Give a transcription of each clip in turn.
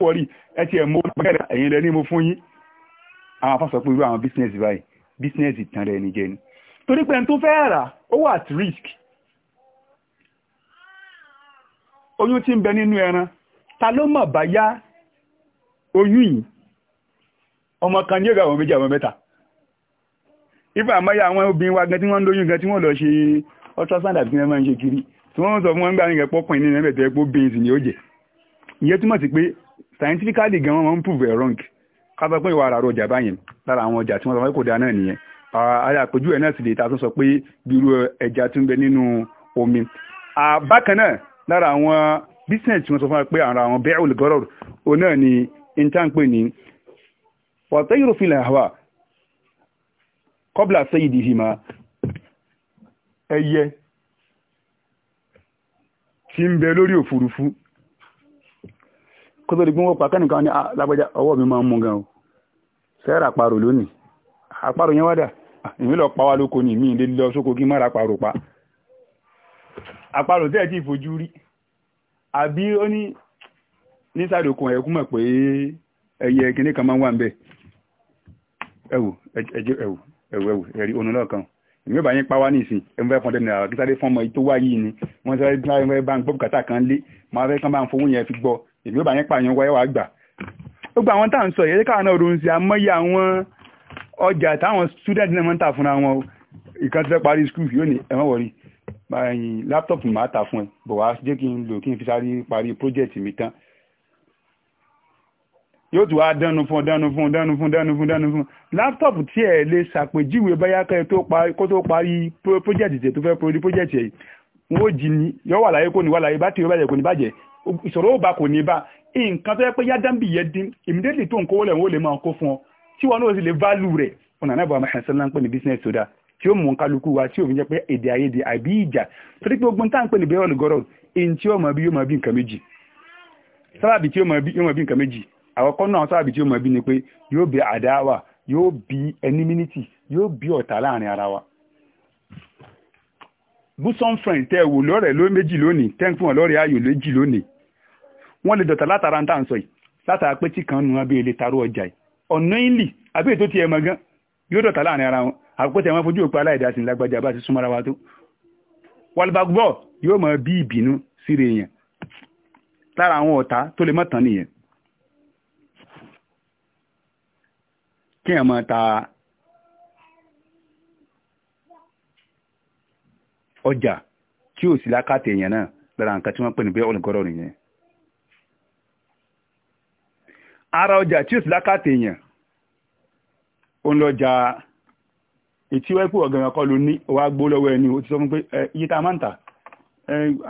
wọ́rí ẹ ti ẹ̀ mọ ọgbẹ́rẹ́ ẹ̀yìn lẹ́ni mo fún yín àwọn afọ́sọ pé irú àwọn bísínẹ́sì báyìí bísínẹ́sì tán rẹ̀ ní jẹ́ torí pé tó fẹ́ rà ó wà at risk oyún tí ń bẹ nínú ẹran ta ló mọ̀ bá yá oyún yìí ọmọ kan ní èrò àwọn méjì àwọn mẹ́ta ipa àmọ́yá àwọn obìnrin wa gan tí wọ́n ń lóyún gan tí wọ́n lọ ṣe ultrasound àti sinimá ń ṣe kiri tí wọ́n sọ fún wọn gbà ní ẹ̀pọ̀ pọ̀ ní ẹ̀mẹ́tẹ̀ẹ́pọ̀ bíyìn sì ni ó jẹ́ ìyẹn túmọ̀ sí pé scientifically gan wọ́n ń prove ẹ̀ wrong kábẹ́ pé ìwà ara ọjà báyẹn lára àwọn ọjà tí wọ́n sọ pé kò dáa náà nìyẹn ara àpèjú ẹ̀ náà sì lè ta tún sọ pé bírú ẹja tí ń bẹ nínú omi bákan náà lára àwọn business tí wọ́n sọ fún wa pé ara àwọn bẹ́ẹ̀ olùgọ́rọ̀ òun náà ni intanpe ni wọ́tẹ́ yóò fi lè hàwà kọ́bla sẹ́yìn dìhì máa ẹyẹ tí ń bẹ lórí òfurufú kó tó di pé wọ́n pa kẹ́nìkan ní alágbájá ah, ọwọ́ mi máa ń mú gan o sẹ́ẹ̀rà àparò lónìí àparò yẹn wádà ah, èmi lọ pa wá lóko ní ìmí ilé lọ sóko kí n má ra àparò pa àparò tẹ́ẹ̀ tí ìfojú rí àbí ó ní ní okùn ẹ̀kú mọ̀ pé ẹyẹ kìnnìkan máa ń wà ń bẹ̀ ẹ̀wò ẹ̀wò ẹ̀wò ẹ̀wò ẹ̀rí onú náà èmi ò bá yín pa wá nísìn ẹ̀mú fẹ́ fọ́ndẹ́ náírà kí sáré fọ́nmọ yìí tó wá yìí ni wọ́n sáré tí wọ́n bá ń gbọ́ bùkátà kan lé máa fẹ́ kán bá ń fowó yẹn fi gbọ́ èmi ò bá yín pa yín wáyé wàá gbà. ó gba àwọn tá à ń sọ yìí káwọn náà ronú sí amọ́yé àwọn ọjà táwọn student náà máa ń tà fúnra wọn ìkan ti fẹ́ parí school yóò ní ẹ̀wọ̀n wọ̀rí láptọ̀pù máa tà fún ẹ bọ̀ wá kí n lò kí n fi sáré parí project mi tán yóò tún wá dánu fún dánu fún dánu fún dánu fún dánu fún láptọ̀pù tí ẹ lè ṣàpèjìwé báyá kẹ́ kó tó parí pọ́jẹ́tì tó fẹ́ parí pọ́jẹ́tì ẹ̀ wọ́n ó jí ni yọ wà láyé kò ní wà láyé bá tèrè bàjẹ́ kò ní bàjẹ́ ìṣòro ò bá kò ní bá nǹkan tó yẹ pé yádàmbì yẹ dín immediately tó ń kówó lẹ̀ wọ́n ó lè máa kó fún ọ tí wọn náà sì lè value rẹ̀ ọ̀nà náà bọ̀ àmàṣà sẹ́lá ń pè ní business soda tí ó mú kálukú wa tí òfin jẹ́ pé èdè àìyedè àbí ìjà torí pé ogun tá à ń pè ní bẹ́ẹ̀ ọ̀lùgọ́rọ̀ èyí tí ó mọ̀ bí yóò mọ̀ bí nǹkan méjì sábàbí tí ó mọ̀ bí nǹkan méjì àkọ́kọ́ náà sábàbí tí ó mọ̀ bí ni pé yóò bí àdáwà yóò bí enmity yóò bí ọ̀tá láàrin ara wa bosom friend tẹ́ wò lọ́rẹ̀ ló méjì lónìí tẹ́ ń fún ọ lọ́rẹ̀ ayò méjì lónìí wọ́n lè dọ̀tà látara ń tà ń sọ yìí látara pé tí kan nu abẹ́ ilé taró ọjà yìí ọ̀nà ìlì abẹ́ ètò tiẹ̀ mọ̀ gan yóò dọ̀tà láàrin ara wọn àpótẹ́ wọn fojú òpin aláìdásí lágbájá bá ti súnmọ́ra wa tó wàlúbàgbọ́ yóò mọ bí ìbínú síre kí ẹ̀ máa ta ọjà tí ò sí lákàtà èèyàn náà lára nǹkan tí wọ́n pè ní bẹ́ẹ̀ olùgọ́rọ̀ nìyẹn ara ọjà tí ò sí lákàtà èèyàn ó ń lọ́jà ètí wọ́n pè ọ̀gẹ̀rẹ̀ kọ́ ló ní wá gbó lọ́wọ́ ẹni ó ti sọ fún pé eh, iye tá a máa ń tà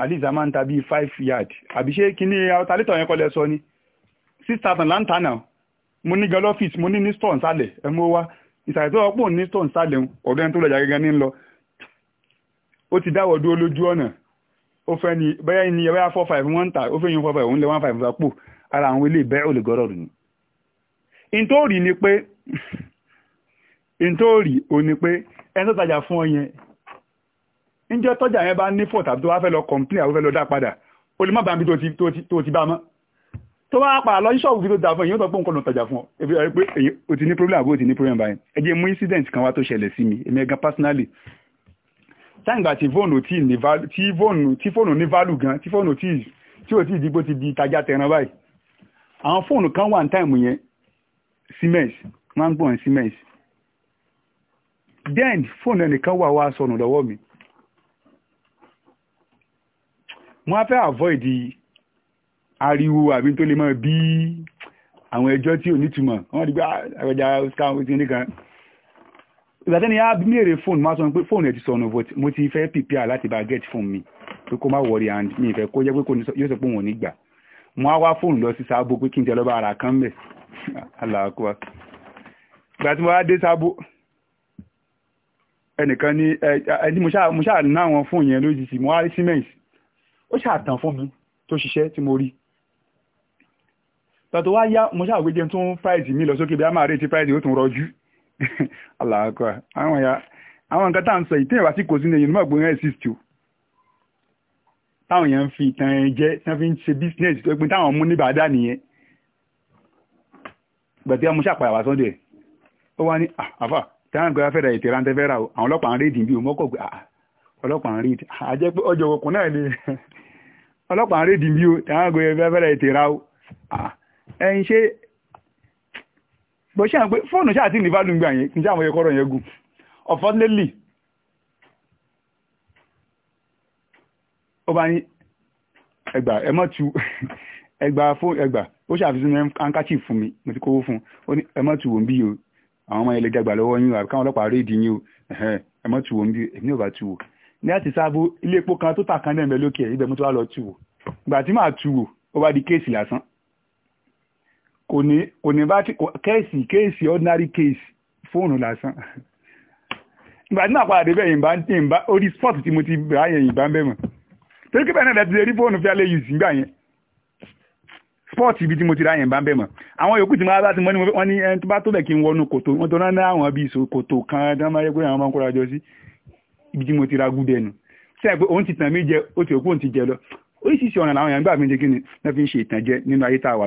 àdìsá eh, máa ń ta bíi five yard àbí ṣé kí ni àwọn talítọ̀ yẹn kọ́ lẹ sọ ni six thousand là náà mo ní gan lọ́fíìsì mo ní ní store nsàlẹ̀ ẹ mú wá ìsàlẹ̀ tó ọ̀pọ̀ ní store nsàlẹ̀ ọ̀dọ̀ ẹni tó lọ́jà gẹ́gẹ́ ní lọ ó ti dáwọ̀ dúró lójú ọ̀nà ó fẹ́ ni bẹ́ẹ̀ ni ẹ bá four five one ta ó fẹ́ yín four five òun lé one five àpò ara àwọn ilé ìbẹ́ òlè gọ́rọ̀ rù ni. ìntòrí ni pé ìntòrí ò ní pé ẹni tó tajà fún ọ yẹn níjọ́ tọ́jà yẹn bá ní fọ̀ tàbí tó wá fẹ́ lọ complain àwọn fẹ́ lọ dá padà ó lè má bàa bí tó ti bá mọ́ tó bá pàà lọ ṣọ́ọ̀bù kí tó dà fún èyí ó tọ́ pé nǹkan tọ̀jà fún ọ ebi ọ̀rẹ́ pé èyí o ti ní problem àbí o ti ní problem báyìí ẹ jẹ́ mú incident kan wá tó ṣẹlẹ̀ sí mi èmi gan personally táǹgbà tí fóònù tí ní value tí fóònù tí fóònù ní value gan tí fóònù tí tí ò tí ì dìgbò ti di ìtajà tẹran báyìí àwọn fóònù kan wà ní táìmù yẹn siemens máa ń gbọ̀n siemens then fóònù ẹnìkan wà wá sọnù lọ́wọ́ mi wọ́n á fẹ́ avoid ariwo àbí tó lè máa bí àwọn ẹjọ́ tí ò nítumọ̀ wọ́n ti gbá àwẹ̀dà oscar wetin nìkan ìgbà tẹ́ni á mèrè fóònù máa sọ pé fóònù ẹ̀ ti sọnù but mo ti fẹ́ pìpìà láti bá get fóònù mi pé kó má wọrí and mi ìfẹ́ kó jẹ́ pé yóò sọ pé wọ́n ò ní gbà mo á wá fóònù lọ sí sábò pé kí n tẹ lọ́ba ara kan mẹ́ aláàkúwa ìgbà tí mo wá dé sábò ẹnìkan ní ẹni mo ṣáà ná àwọn fóònù yẹn lójijì mo wá rí siemens ó ṣáà tàn fún mi tó ṣiṣẹ́ tí mo rí tàtò wá yá mo ṣáà gbéjẹ tó ń price mi lọ sókè bí a máa retí price ó tún rọjú aláàkọ àwọn ya àwọn nǹkan tá à ń sọ yìí téèyàn bá sì kò sí ní yorùbá gbóyún exist o táwọn èèyàn ń fi ìtàn ẹ jẹ tí wọn fi ń ṣe business tó pin táwọn mú ní bàdá nìyẹn gbẹ̀tẹ́ mo ṣàpàyà wá sọ́dọ̀ ẹ̀ ó wá ní àfà táwọn gbé fẹ́ ra o àwọn ọlọ́pàá ń rédì bí o mọ́kọ̀ gbé ọlọ́pàá ń rédì àjẹ́ pé ọjọ́ òkun ni ọlọ́pàá ń rédì bí o táwọn gbé afẹ́rẹ́ ètè ra o ẹ̀yin ṣe bó ṣe hàn pé fóònù ṣáà tí ní bá lùgbà yẹn kì í ṣe àwọn ẹ̀kọ́rọ̀ yẹn gùn unfortunately ó bá ní ẹgbà ẹ mọ́ tu ẹgbà fóònù ẹgbà ó ṣàfihàn handkerchief fún mi mo ti kówó fún un ó ní ẹ mọ́ tu wò ń bí o àwọn ọmọ ẹlẹ́jà gbà lọ́wọ́ yín àbíkáwọn ọlọ́pàá rédì yín o ẹ mọ́ tu wò ń bí èmi ò bá tu wò ní àti sáàbò ilé epo kan tó tà kan náà ń kò ní kò ní bá kẹ́ẹ̀sì kẹ́ẹ̀sì ordinary case fóònù lásán ìgbà tí náà padà débẹ̀ ìbá ìbá orí sport tí mo ti bá yẹn ìbá ń bẹ̀ mọ̀ torí kí bẹ́ẹ̀ náà ti rí fóònù fi alẹ́ yìí sí gbà yẹn sport ibi tí mo ti ra yẹn ìbá ń bẹ̀ mọ̀ àwọn yòókù tí mo bá ti mọ́ ni wọ́n ní ẹni tó bá tó bẹ̀ kí n wọnú kòtò wọ́n tó náà àwọn bíi ìṣó kòtò kan dán máa àwọn máa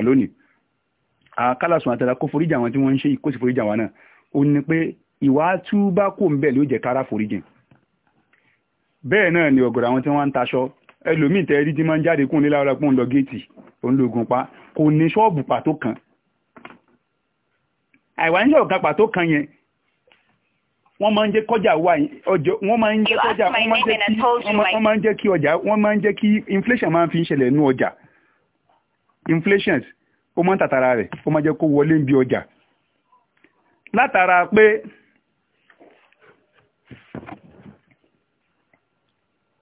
ni wọ́n fi ń àkálàsùn ah, àtàlà kó foríjì àwọn tí wọ́n ń ṣe kó sì foríjì àwọn náà ó ní pé ìwà túbá kò ń bẹ̀ ló jẹ́ kára foríjì bẹ́ẹ̀ náà ni ọ̀gọ̀rọ̀ àwọn tí wọ́n ń taṣọ ẹlòmíì tẹ́ rí tí máa ń jáde kún nílá ọ̀rọ̀ pọ́n lọ géètì òun lògùn pa kò ní ṣọ́ọ̀bù pàtó kan àìwá ní ṣọ́ọ̀bù kan pàtó kan yẹn wọ́n máa ń jẹ́ kọjá wà ọjọ́ wọ́n máa ń jẹ́ kọjá wọ́n máa ń jẹ́ kí ọjà wọ́n máa ń jẹ́ kí inflation máa ń fi ń ṣẹlẹ̀ nú ọjà inflations ó máa ń tàtàrà rẹ̀ ó máa jẹ́ kó wọlé ń bí ọjà látara pé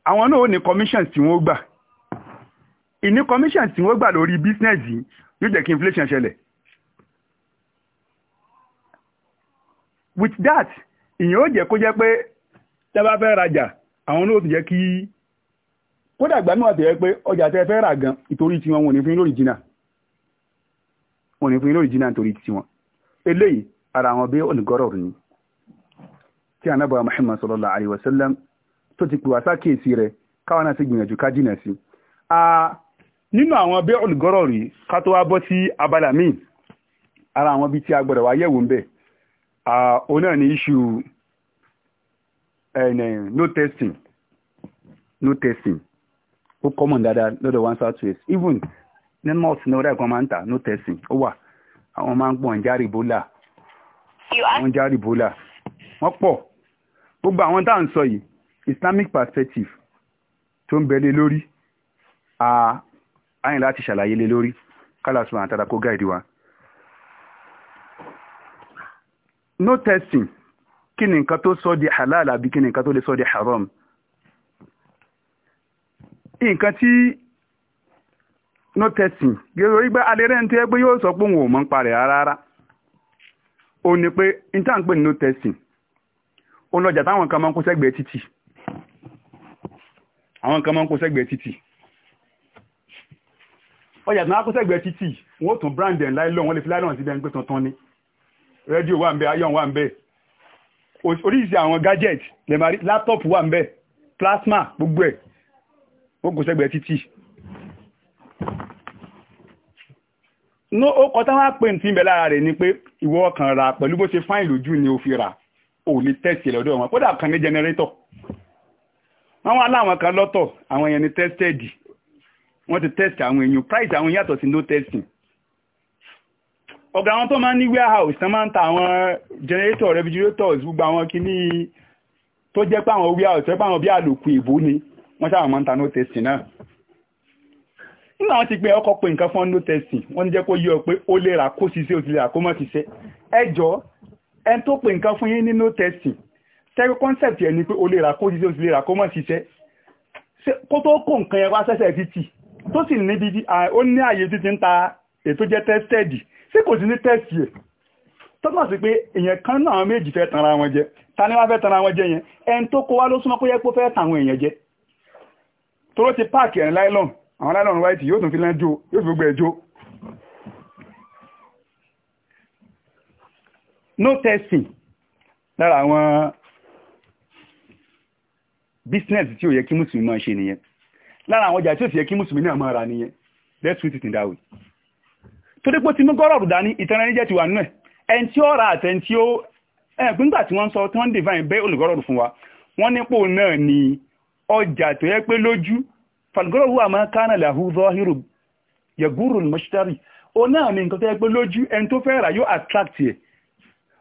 àwọn náà ó ní commission tí wọ́n gbà ìní commission tí wọ́n gbà lórí business yìí yóò jẹ́ kí inflation ṣẹlẹ̀ with that ìyẹn ó jẹ́ kó jẹ́ pé tẹ́ bá fẹ́ rajà àwọn náà ó ti jẹ́ kí kódà ìgbà náà ti jẹ́ pé ọjà tẹ́ fẹ́ rà gan ìtorí tiwọn wọ́n ní fún lórí jìnnà wọn ní fún ilé òjì náà torí tiwọn eléyìí ara àwọn bí olùgọ́rọ̀ ni tí anábọ̀ Muhammad sallallahu alaihi wasallam tó ti pè wá sákèsí rẹ̀ káwọn náà sì gbìyànjú ká jìnà sí nínú àwọn bí olùgọ́rọ̀ rí ká tó wá bọ́ sí abala míì ara àwọn bí tí a gbọ́dọ̀ wá yẹ̀wò ń bẹ̀ òun náà ní issue no testing no testing ó kọ́mọ̀ dáadáa lọ́dọ̀ one south west even ní nọ́ọ̀sì ní orí ẹ̀gbọ́n máa ń tà ní tẹ̀sìn ó wà àwọn máa ń gbọ̀n járe bólà àwọn járe bólà wọ́n pọ̀ gbogbo àwọn tá à ń sọ yìí islamic perspective tó ń bẹ̀lẹ̀ lórí àyìn láti ṣàlàyé lé lórí kálásùn àtàrà kó gáìdì wa no testing kí ni nǹkan tó sọ di halal àbí kí ni nǹkan tó lè sọ di haram nǹkan tí no testing yóò rí pé alẹ́rẹ́ ní tó yẹ pé yóò sọ pé òun ò mọ̀ ń parẹ̀ rárá ó ní pé intan pè ní no testing ó lọ́jà táwọn kan máa ń kó sẹ́gbẹ̀ẹ́ títì àwọn kan máa ń kó sẹ́gbẹ̀ẹ́ títì ọjà tí wọ́n á kó sẹ́gbẹ̀ẹ́ títì wọ́n tún brand ẹ̀ láìlọ́n wọ́n lè fi láìlọ́n síbi ẹni pé tuntun ni rédíò wà ń bẹ ayọ̀n wà ń bẹ oríṣi àwọn gadget lè máa rí láptọ̀pù wà ń bẹ plasma gbogbo ẹ̀ wọ́n kó sẹ́gbẹ̀ẹ́ títì no ọkọ̀ táwọn àpè tí ń bẹ lára rẹ̀ ni pé ìwọ ọkàn ra pẹ̀lú bó ṣe fáìn lójú ni ó fi rà ò lè tẹ́sì lọ́dọ̀ wọn kódà kan ní jẹnẹrétọ̀ wọ́n wá láwọn kan lọ́tọ̀ àwọn èèyàn ni tested wọ́n ti test àwọn èèyàn price àwọn yàtọ̀ sí no testing ọ̀gá àwọn tó máa ń ní warehouse tán máa ń ta àwọn generator refrigerators gbogbo àwọn kìíní tó jẹ́ pé àwọn warehouse tó jẹ́ pé àwọn bí àlòkù èbó ni wọ́n sábà máa ń ta no testing náà nínú àwọn ti gbé ọkọ̀ pé nǹkan fún ọdún tẹ̀sìn wọ́n jẹ́ kó yọ pé ó lè rà kó ṣiṣẹ́ ó ti lè rà kó mọ̀ ṣiṣẹ́ ẹjọ́ ẹni tó pè nǹkan fún yín nínú tẹ̀sìn tẹ́rí concept yẹn ni pé ó lè rà kó ṣiṣẹ́ ó ti lè rà kó mọ̀ ṣiṣẹ́ kó tó kó nǹkan yẹn wá sẹ́sẹ̀ títì tó sì ní bíbí ó ní àyè títí ń ta ètò jẹ́ tested sí kò sí ní test yẹn tọ́tọ̀ sí pé èèyàn kan náà méjì fẹ́ tanra wọn jẹ ta ni wá fẹ́ tanra wọn jẹ yẹn ẹni tó kó wá ló súnmọ́ pé yẹ kó fẹ́ tàwọn èèyàn jẹ toró ti páàkì ẹ̀ láìlọ́n àwọn lálọ́run wáìtì yóò tún fi lẹ́jọ́ yóò fi gbogbo ẹjọ́ no testing lára àwọn business tí ó yẹ kí mùsùlùmí máa ṣe nìyẹn lára àwọn ọjà tí ó sì yẹ kí mùsùlùmí náà máa nìyẹn let's put it in that way torí pé tí mú gọ́rọ̀ rùdá ní ìtẹ́rẹ́ níjẹ́ ti wà nínú ẹ̀ ẹn tí ó ra àtẹn tí ó ẹ̀gbígbà tí wọ́n sọ tí wọ́n divine bẹ́ olùgọ́rọ̀ fún wa wọ́n nípò náà ni ọjà tó yẹ pé lójú falgọ́rọ̀ wà máa kánà làhú zọ́hírù yẹgúrùn mọ́ṣítárì ó náà ní nǹkan tó yẹ pé lójú ẹni tó fẹ́ rà yóò attract ẹ̀ e.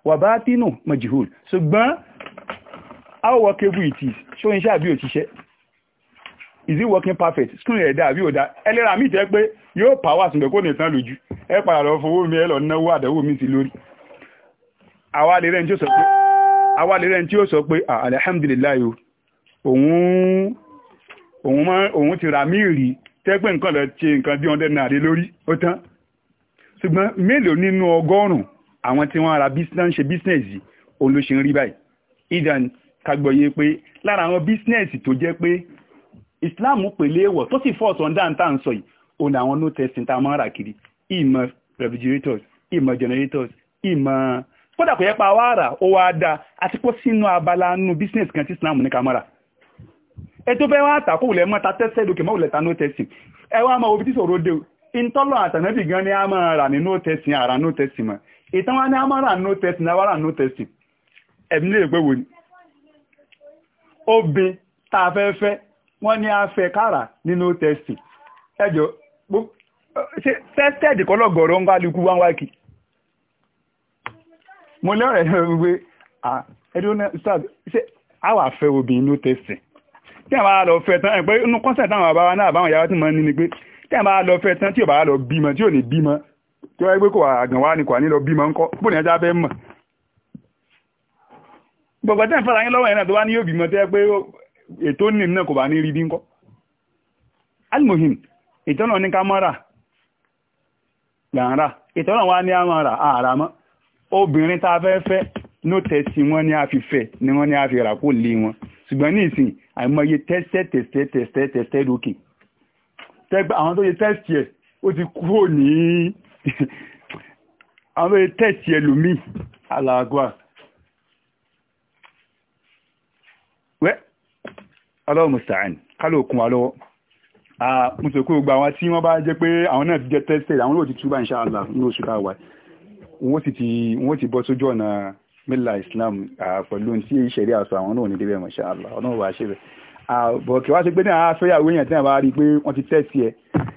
wà bá tínú majihul ṣùgbọ́n how workable it is ṣó iṣẹ́ àbí òṣìṣẹ́ is it working perfect screen ẹ̀dá àbí òdá ẹlẹ́ra mi jẹ́ pé yóò pàwà sùnbẹ̀ kó nìkan lójú ẹ padà lọ fowó mi ẹ lọ náwó àdánwò mi sí lórí àwa lè rẹ́ni tí ó sọ pé ah, alhamdulillah òun òun ti ra míìrì tẹ́gbẹ́ nǹkan lọ ṣe nǹkan bí ọdẹ náà lé lórí ó tán ṣùgbọ́n mélòó nínú ọgọ́rùn-ún àwọn tí wọ́n ara business ṣe business yìí òun ló ṣe ń rí báyìí idan kagbọ̀yé pé lára àwọn business tó jẹ́ pé Islam pèlè èèwọ̀ tó sì fọ́ọ̀tù ọ̀ndà ń ń sọ yìí òun àwọn no testing tá a máa ń rà kiri ìmọ̀ refrigerators ìmọ̀ generators ìmọ̀ kódà kò yẹ pa wá rà ó wá dáa àti kó sínú abala nínú business kan tí Islam ní ká máa rà ètò fẹ́ ata àtàkù lẹ̀ mọ́ta tẹ́sẹ̀ lókè ma òlẹ̀ta no testing ama obi tí sọ̀rọ̀ dé ìtọ́lọ̀ àtànẹ́bì ni a máa rà ní ara testing ma no testing mọ́ ìtàn wa ni a máa no testing àwa no ni. obìn no tí a bá lọ fẹ́ tán ẹ̀ pé inú kọ́nsẹ̀ táwọn bàbá wa náà báwọn yàrá tí mo ní ni pé tí a bá lọ fẹ́ tán tí ò bá lọ bímọ tí ò ní bímọ tí wọ́n gbé kò àgàn wá ni kò ní lọ bímọ ńkọ́ bó ní ẹja bẹ́ mọ̀. gbogbo tẹ́ ń fara yín lọ́wọ́ yẹn náà tó bá ní yóò bímọ tẹ́ pé ètò ní náà kò bá ní rí bí ńkọ́. alimohim ìtọ́nà ní ká mọ́ra ìtọ́nà wa ní àwọn ara obìnrin tá a fẹ́ fẹ́ nóòtẹ́sì wọn ni a fi fẹ́ ni wọ́n ni a fi rà kó lé wọn ṣùgbọ́n ní ìsìn àìmọye tẹ́sẹ̀ tẹ́sẹ̀ tẹ́sẹ̀ tẹ́sẹ̀ lókè tẹ́gbẹ́ àwọn tó yẹ tẹ́sì ẹ̀ ó ti kúrò ní àwọn tó yẹ tẹ́sì ẹ̀ lómi aláàgbà wẹ́ ọlọ́mùsàn kálòkun wa lọ́wọ́ mo sọ pé gbogbo àwọn tí wọ́n bá jẹ́ pé àwọn náà ti jẹ́ tẹ́sẹ̀ àwọn náà ti túbà insha Allah ní oṣù káwàá wọ́n sì ti bọ́ sójú ọ̀nà mílà islam pẹ̀lú tí ìṣẹ̀rí àṣọ àwọn náà ní débẹ̀ mọ̀ṣá àlá ọ̀nà wà ṣe bẹ̀ bọ̀kì wá ṣe pé náà fẹ́yàwó yẹn tí wọ́n bá rí i pé wọ́n ti tẹ́sí ẹ̀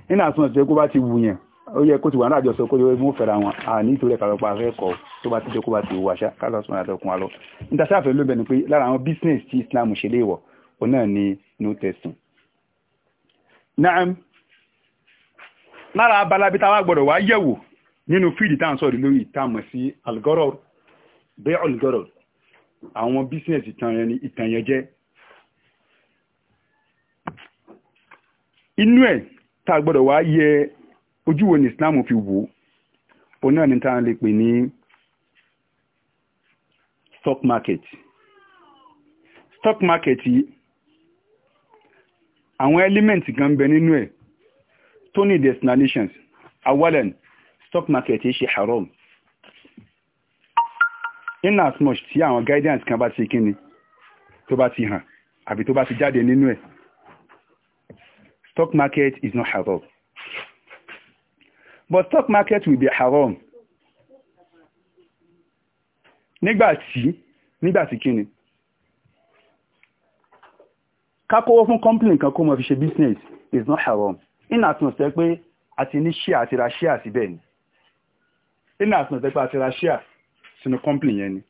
nínú àtúnṣe tó yẹ kó bá ti wù yẹn ó yẹ kó ti wà ní àjọsọ kó yẹ mú fẹ́ra wọn à nítorí ẹ̀ka lọ́pàá akẹ́kọ̀ọ́ tó bá ti jẹ́ kó bá ti wà kálọ̀sùn àtọkùn business tí islam ṣe léèwọ̀ ó náà ní new testament. naam lára abala bí táwa gbọ́dọ̀ wá yẹ̀wò nínú fíìdì tá à ń sọ̀rọ̀ lórí bẹ́ẹ̀ ọ̀lùgọ́rọ̀ àwọn bísíǹsì ìtànyẹn ni ìtànyẹn jẹ́ inú ẹ̀ tá a gbọ́dọ̀ wá yẹ ojú wo ni Islam fi wò ó náà ni tá a lè pè ní stock market stock market yìí àwọn element kan bẹ nínú ẹ̀ tó ní destinations awalen stock market yìí ṣe haram in as much tí àwọn guidance kan bá ti kíni tó bá ti hàn àbí tó bá ti jáde nínú ẹ̀ stock market is not haram but stock market will be haram nígbàtí nígbàtí kíni kákówó fún company kan kó mọ̀ fi ṣe business is not haram in as much tẹ́ pé àti ní ṣíà àti ra ṣíà síbẹ̀ ni in as much tẹ́ pé àti ra ṣíà sínú company yẹn ni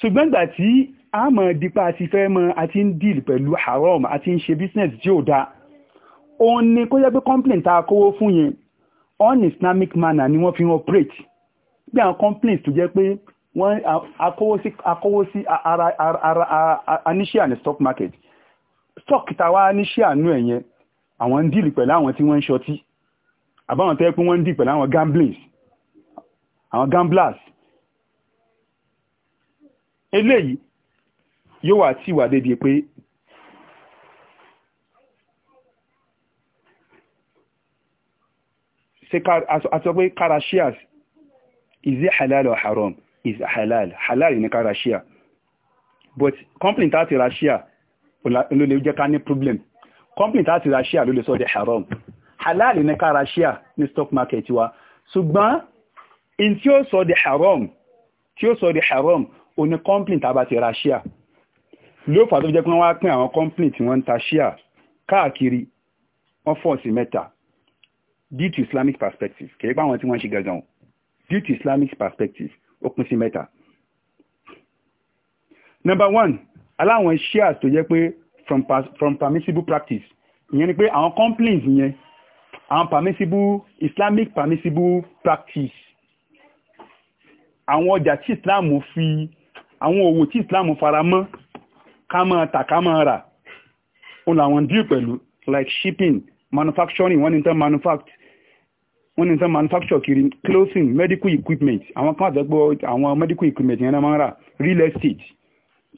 ṣùgbọ́n gbà tí a mọ̀ dípa àti fẹ́ mọ̀ àti ń deal pẹ̀lú haram àti ń ṣe business tí ò dáa òun ni kó jẹ́ pé company tá a kówó fún yẹn un-Islamic manner ni wọ́n fi ń operate bí àwọn companies tó jẹ́ pé wọ́n akówó sí akówó sí ara ara aníṣíà ní stock market stock tàwa aníṣíà nú ẹ̀ yẹn àwọn ń deal pẹ̀lú àwọn tí wọ́n ń ṣọtí àbáwọn tẹ́ pé wọ́n ń deal pẹ̀lú àwọn gamblers àwọn gamblers eléyìí yóò wá tí wà débi pé àti pé karashia is it halal or haram is halal halal ni karashia but company tàti rashia ló lè jẹ́ ká ní problem company tàti rashia ló lè sọ di haram halal ni karashia ní stock market wa ṣùgbọ́n in tí ó sọ di haram tí ó sọ di haram oní company tá a bá ti ra ṣíà ló fà tó jẹ́ pé wọ́n wá pín àwọn company tí wọ́n ń ta ṣíà káàkiri wọ́n fọ́ sí mẹ́ta due to islamic perspective kì í pa àwọn tí wọ́n ṣe gangan due to islamic perspective ó pín sí mẹ́ta. number one aláwọn shares tó jẹ́ pé from from permissible practice ìyẹn ni pé àwọn companies yẹn àwọn permissible islamic permissible practice àwọn ọjà tí islam fi àwọn òwò tí islam fara mọ́ ká máa tà ká máa rà òun làwọn díì pẹ̀lú like shipping manufacturing wọ́n ní tán manufact wọ́n ní tán manufacture kiri clothing medical equipment àwọn kan àtẹ́gbọ́ àwọn medical equipment yẹn náà rà real estate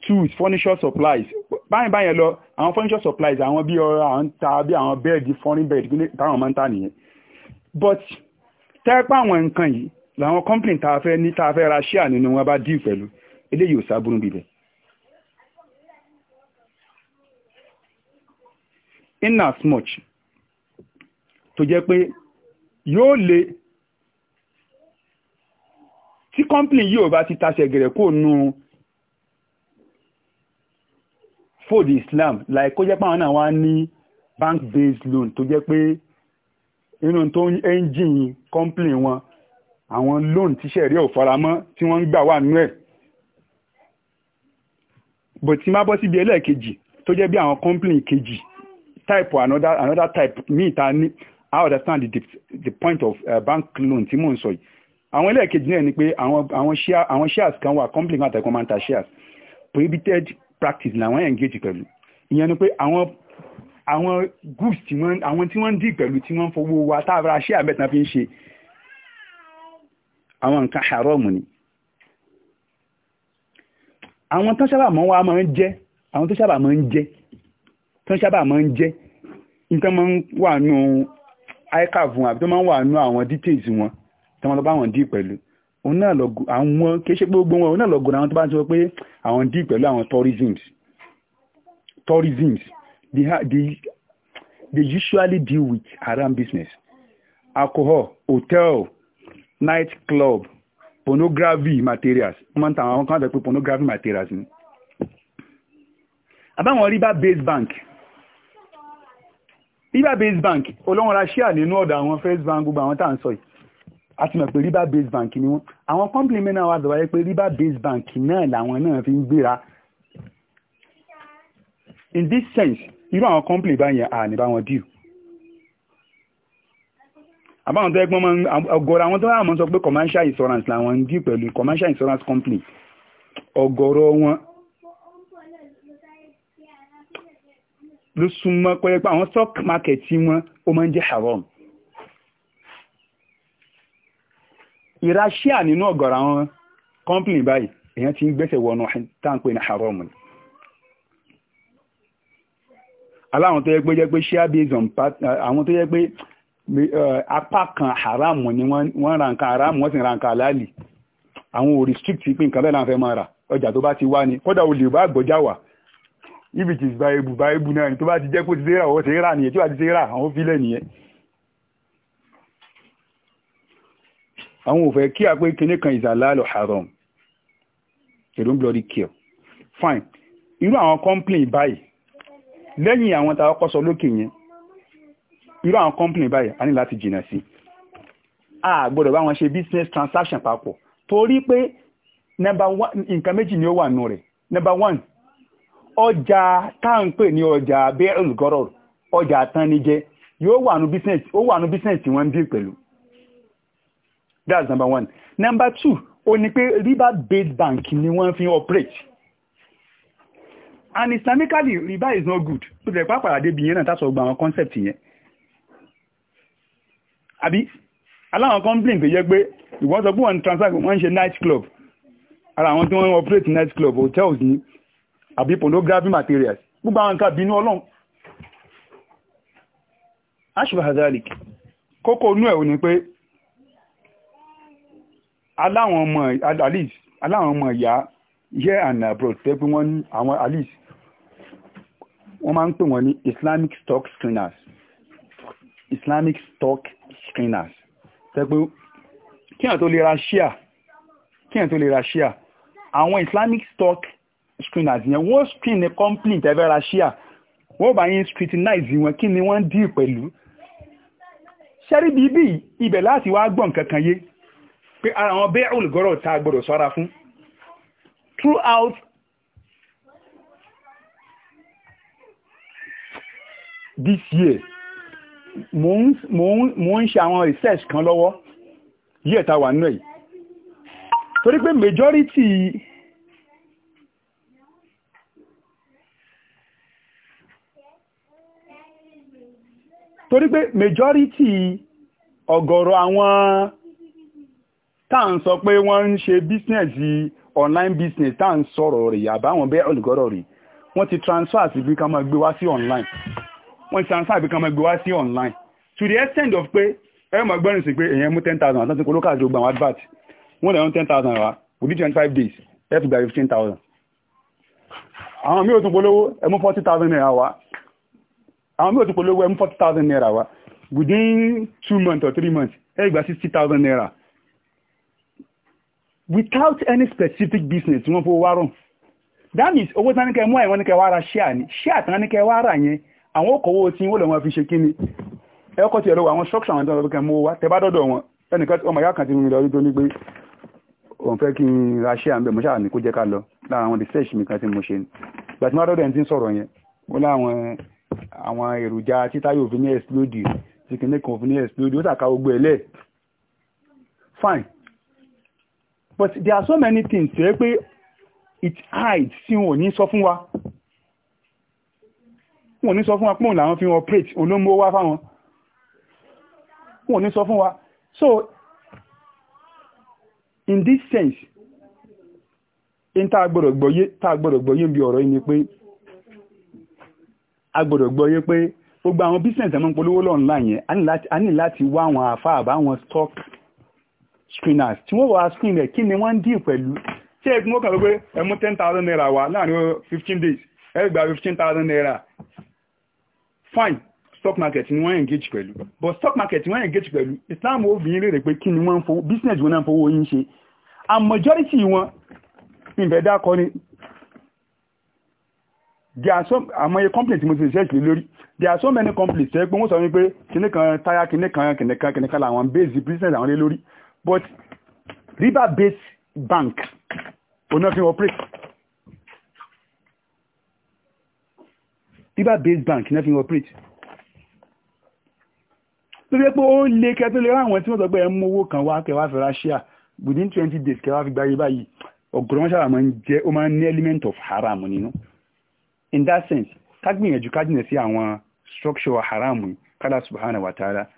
tools furniture supplies báyìí báyìí lọ àwọn furniture supplies àwọn bí ọ̀rọ̀ àwọn ta bí àwọn bẹ́ẹ̀dì foreign bed táwọn máa ń tà nìyẹn but tẹ́ẹ̀pá àwọn nǹkan yìí làwọn complaint tá a fẹ́ ní tá a fẹ́ ra ṣíà nínú wọn bá díì pẹ̀lú eléyìí ò sábúrú bíbẹ̀. in as much tó jẹ́ pé yóò lè tí kọ́mpìnì yìí ò bá ti tasẹ̀ gẹ̀rẹ̀ kó nu fòdì Islam láì kó jẹ́ pé náà wá ní bank based loan tó jẹ́ pé inú tó ń ẹ́ńjìn kọ́mpìnì wọn àwọn loan tíṣẹ̀ rí ò faramọ́ tí wọ́n ń gbà wà nú ẹ̀ but tí má bọ́ síbi ẹlẹ́ẹ̀kejì tó jẹ́ bí àwọn complain kejì type another another type míì ta ní i understand the the point of uh, bank loan tí mò ń sọ yìí àwọn ẹlẹ́ẹ̀kejì náà ni pé àwọn àwọn share àwọn shares kan wà complain kan àtẹ̀kọ́ máa ń ta shares prohibited practice làwọn engage pẹ̀lú ìyẹn ni pé àwọn àwọn groups tí wọ́n àwọn tí wọ́n ń dì pẹ̀lú tí wọ́n fowó wa tá a fara share mẹ́ta fi ń ṣe àwọn nǹkan haram ni àwọn tó sábà máa ń wá máa ń jẹ́ àwọn tó sábà máa ń jẹ́ tó sábà máa ń jẹ́ nǹkan máa ń wà nù icav wọn àbí tó máa ń wà nù àwọn details wọn tó máa lọ bá wọn dì pẹ̀lú òun náà lọ́gùn àwọn kì í ṣe pé gbogbo wọn òun náà lọ́gùn àwọn tó bá ń sọ pé àwọn dì pẹ̀lú àwọn tourisms tourisms they, they, they usually deal with haram business alcohol hotel night club pornography materials wọ́n máa ń ta àwọn kan sọ pé pornography materials ni àbáwọn riba based bank riba based bank olóhùn ra ṣíà nínú ọ̀dọ̀ àwọn first bank gbogbo àwọn tá à ń sọ yìí a ti mọ̀ pé riba based bank ni wọ́n àwọn company mẹ́rin wa dọ̀wáyé pé riba based bank náà làwọn náà fi ń gbéra in this sense irú àwọn company báyẹn à ní bá wọn deal àbáwọn tó ẹgbọ́n máa ọ̀gọ̀rọ̀ àwọn tó wà sọ pé commercial insurance làwọn ń dí pẹ̀lú commercial insurance company ọ̀gọ̀rọ̀ wọn ló súnmọ́ pẹ́lẹ́ pé àwọn stock market tí ó máa ń jẹ́ haram ìraṣíà nínú ọ̀gọ̀rọ̀ àwọn company báyìí èèyàn ti ń gbẹ́sẹ̀ wọnú táǹpé ní haram ni aláwọn tó yẹ pé jẹ́ pé share based on part àwọn tó yẹ pé apá kan haram ni wọ́n ra nǹkan haram wọ́n sì ra nǹkan aláàlì àwọn ò restrict pé nǹkan bẹ́ẹ̀ náà fẹ́ máa rà ọjà tó bá ti wá ni kódà o lè bá àgbọ̀já wà if it is viable viable náà ni tó bá ti jẹ́ pé ti ṣe rà owó ṣe rà nìyẹn tí wàá ti ṣe rà àwọn fílẹ̀ nìyẹn. àwọn ò fẹ́ kí a pé kinní kan ìzàlálò haram they don't bloody care fine irú àwọn complain báyìí lẹ́yìn àwọn tá a lókè yẹn irú àwọn company báyìí a ní láti jìnnà sí a gbọ́dọ̀ bá wọn ṣe business transaction papọ̀ torí pé number one nǹkan méjì ni ó wà nù rẹ̀ number one ọjà táǹpẹ̀ ní ọjà bẹ́ẹ̀rù gọ́rọ̀ ọjà àtànnijẹ yóò wà nù business ó wà nù business tí wọ́n ń bí pẹ̀lú that's number one number two ó ní pé riba based bank ni wọ́n fi operate and islamically riba is not good ó tẹ̀ pàápàá débi yẹn náà tá sọ gba àwọn concept yẹn àbí aláwọn complain tó yẹ pé ìwọ́n sọ pé wọ́n ń transact wọ́n ń ṣe night club ara àwọn tí wọ́n operate night club hotels ni àbí pornography materials gbogbo àwọn nǹkan bínú ọlọ́run ashwa hazalik kókó inú ẹ̀ ò ní pé aláwọn ọmọ alice aláwọn ọmọ ìyá here and abroad pé pé ní àwọn alice wọ́n máa ń pè wọ́n ní islamic stock screeners islamic stock screeners tẹ́gbẹ́ kíyàn tó lè ra share kíyàn tó lè ra share àwọn islamic stock screeners yẹn wọ́n screen ní company tẹ́fẹ́ ra share wọ́n bá yín scrutinize wọn kí ni wọ́n dì pẹ̀lú ṣẹ́rí bíbí ibẹ̀ láti wá gbọ́n kankan yé pé ara wọn bẹ́ẹ̀ olùgọ́rọ̀ ta gbọ́dọ̀ sọ́ra fún throughout this year mò ń ṣe àwọn research kan lọ́wọ́ yíẹ̀ ta wà nínú ẹ̀ torí pé majority torí pé majority ọ̀gọ̀rọ̀ àwọn tá à ń sọ pé wọ́n ń ṣe business online business tá à ń sọ̀rọ̀ rẹ̀ àbáwọn bẹ́ẹ̀ olùgọ́rọ̀ rẹ̀ wọ́n ti transfer sí bí ká máa gbé wá sí online wọ́n ti transfer àbíkan ọmọ ẹgbẹ́ wá sí online to the extent of pé ẹ mọ̀ gbọ́rin sí pé èèyàn mú ten thousand àtúntò olókà àti ogun àwọn advert wọ́n lè rán ten thousand wa within twenty five days ẹ fi gba fifteen thousand. àwọn mi ò tún polówó ẹ mú forty thousand naira wa àwọn mi ò tún polówó ẹ mú forty thousand naira wa within two months or three months ẹ gba sixty thousand naira without any specific business tí wọ́n fowó wá rọ̀ that means owó tí wọ́n ní kẹ́ mú ẹ̀ wọ́n ní kẹ́ wá ra share ni share tí ní kẹ́ wá rà yẹn àwọn òkòwò tí wọ́n lọ wọn fi ṣe kí ni ẹ̀kọ́ ti ẹ̀rọ àwọn structure àwọn ìdánwò mú wa tẹ dọ́dọ̀ wọn ẹnìkan ọmọ ìyá kan ti rìn lọ tó ní pé òun fẹ́ kí n ra ṣé à ń bẹ̀ mo ní kó jẹ́ ká lọ lára àwọn research mi kan tí mo ṣe ni gbàtí má dọ́dọ̀ ẹni tí ń sọ̀rọ̀ yẹn ó láwọn àwọn èròjà tí táyọ̀ òfin ní explode tí kìíní kan òfin ní explode ó tàka gbogbo ẹ̀ fine but there are so many things ṣe pé it hides tí wọn ò ní sọ fún wa wọn ní sọ fún wa pé òun làwọn fi wọn operate òun wá fáwọn wọn ní sọ fún wa so in this sense in tá a gbọ́dọ̀ gbọ́yé tá a gbọ́dọ̀ gbọ́yé bí ọ̀rọ̀ yìí ni pé a gbọ́dọ̀ gbọ́yé pé gbogbo àwọn business ẹ̀mọ́ polówó lọ́n láàyè a ní láti wá àwọn àfa àbáwọn stock screeners tí wọ́n wá screen rẹ̀ kí ni wọ́n ń dì pẹ̀lú ṣé ẹ̀gbọ́n kan ló pé ẹ̀mú ten thousand naira wá láàrin fifteen days ẹ̀gbà fifteen thousand naira fine stock market ni wọ́n engage pẹ̀lú but stock market ni wọ́n engage pẹ̀lú islam ó fi yín léèrè pé kí ni wọ́n ń fowó business wọn náà ń fowó yín ṣe and majority wọn ìbẹ̀dá kọ́ ni there are so àmọye companies mo ti research lé lórí there are so many companies ṣe pé wọ́n sọ wípé kìnnì kan táyà kìnnì kan kìnnì kan kìnnì kan làwọn base business àwọn lé lórí but river based bank onáfin operate bíbá base bank náà fi operate tó yẹ pé ó lè kẹtọ́ lè ráwọn tí wọ́n sọ pé ẹ mú owó kan wá kẹwàá fẹ́ ráṣíà within twenty days kẹwàá fi gbáyé báyìí ọ̀gọ̀rọ̀ wọn sábà máa ń jẹ́ ó máa ń ní element of haram nínú in that sense ká gbìyànjú ká jìnà sí àwọn structure haram kádà subhanahu wa ta'ala